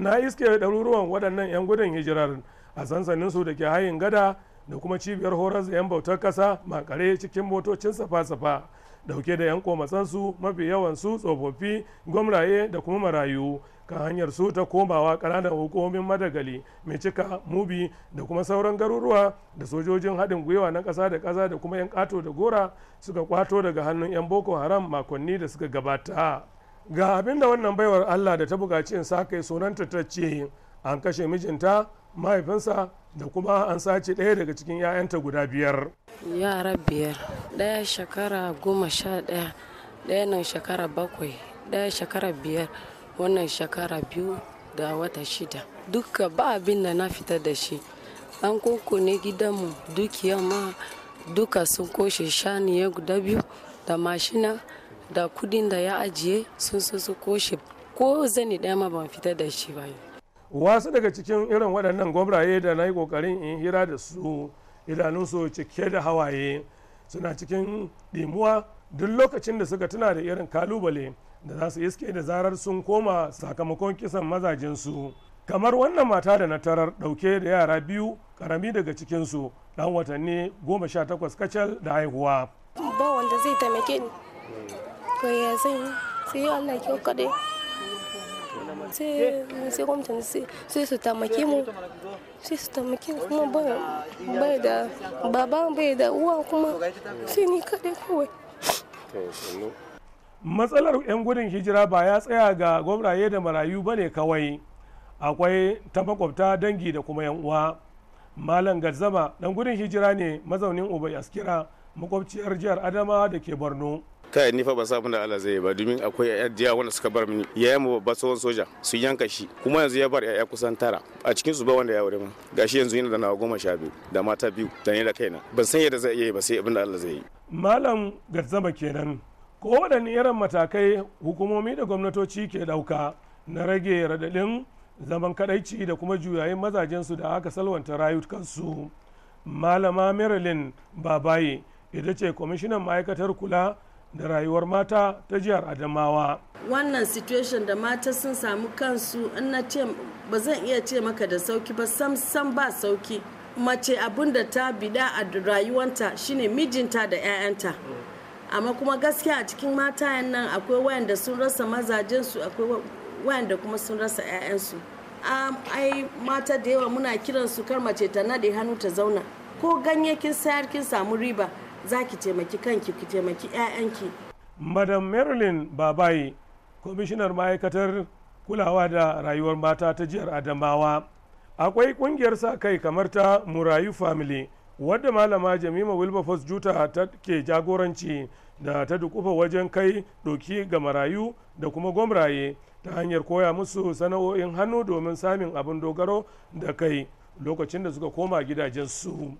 na iske ɗaruruwan waɗannan 'yan gudun hijirar a sansaninsu da ke hayin gada da kuma cibiyar horar da 'yan bautar ƙasa makare cikin motocin safa-safa dauke da 'yan komatsansu mafi yawan su tsofaffi gwamraye da kuma marayu kan hanyar su ta komawa ƙananan hukumomin madagali mai cika mubi da kuma sauran garuruwa da sojojin haɗin gwiwa na ƙasa da ƙasa da kuma 'yan ƙato da gora suka kwato daga hannun 'yan boko haram makonni da suka gabata. ga abin da wannan baiwar allah da ta bukaci in sa sunanta ta ce an kashe mijinta mahaifinsa da kuma an sace ɗaya daga cikin 'ya'yanta guda biyar yara biyar ɗaya shekara goma sha ɗaya ɗaya nan shekara bakwai ɗaya shekara biyar wannan shekara biyu da wata shida duka ba abin da na fita da shi an ne gidanmu dukiya ma duka sun koshe ya guda biyu da mashina da kudin da ya ajiye sun su su koshe ko zani ɗaya ma ban fita da shi ba wasu daga cikin irin waɗannan gwamnaye da na yi ƙoƙarin in hira da su idanunsu cike da hawaye suna cikin ɗimuwa duk lokacin da suka tuna da irin kalubale da za su iske da zarar sun koma sakamakon kisan mazajensu kamar wannan mata da na tarar ɗauke da yara biyu karami daga cikinsu ɗan watanni goma sha takwas kacal da haihuwa ba wanda zai taimake ni sai su mu su kuma bai da uwa kuma ni matsalar 'yan gudun hijira ba ya tsaya ga gwamnaye da marayu ba ne kawai akwai ta makwabta dangi da kuma 'yan uwa malam garzama dan gudun hijira ne mazaunin ubai askira makwabciyar jihar adama da ke borno kai ni fa ba san da Allah zai ba domin akwai yaya diyawa wanda suka bar mini yayan mu babba tsohon soja su yanka shi kuma yanzu ya bar yaya kusan tara a cikin su ba wanda ya aure min gashi yanzu yana da nawa goma sha biyu da mata biyu da ni da kaina ban san yadda zai yi ba sai abin da Allah zai yi malam garzaba kenan ko waɗanne irin matakai hukumomi da gwamnatoci ke ɗauka na rage radadin zaman kadaici da kuma juyayin mazajensu da aka salwanta su malama marilyn babaye ita ce kwamishinan ma'aikatar kula da rayuwar mata ta jihar adamawa wannan situation da mata sun samu kansu in na ce ba zan iya ce maka da sauki ba sam sam ba sauki mace abun da ta bida a rayuwanta shine mijinta da 'ya'yanta amma kuma gaskiya a cikin matayen nan akwai wayanda sun rasa mazajensu akwai wayanda kuma sun rasa 'ya'yansu ai mata da yawa muna kiransu kar mace ta nade hannu ta zauna ko ganye kin sayar kin samu riba za ki taimaki kanki ki taimaki 'ya'yanki madam marilyn Babai kwamishinar ma'aikatar kulawa da rayuwar mata ta jihar adamawa akwai kungiyar sa kai kamar ta murayu family wadda malama jamima wilberforce juta ta ke jagoranci da ta dukufa wajen kai doki ga marayu da kuma gwamraye ta hanyar koya musu sana'o'in hannu domin samin abin dogaro da kai lokacin da suka koma gidajensu.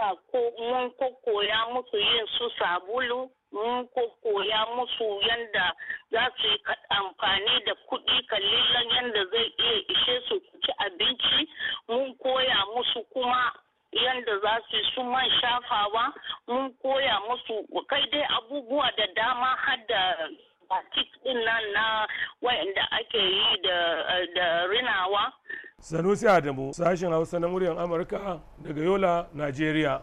muna mun koya musu yin su sabulu mun koya musu yanda za su yi amfani da kuɗi kallilan yanda zai iya ishe su ci abinci mun koya musu kuma yanda za su yi su man shafawa mun koya musu kai dai abubuwa da dama har da batik ɗin nan na wayanda ake yi da rina Sanusi Adamu, sashen Hausa na muryar Amurka daga Yola, Najeriya.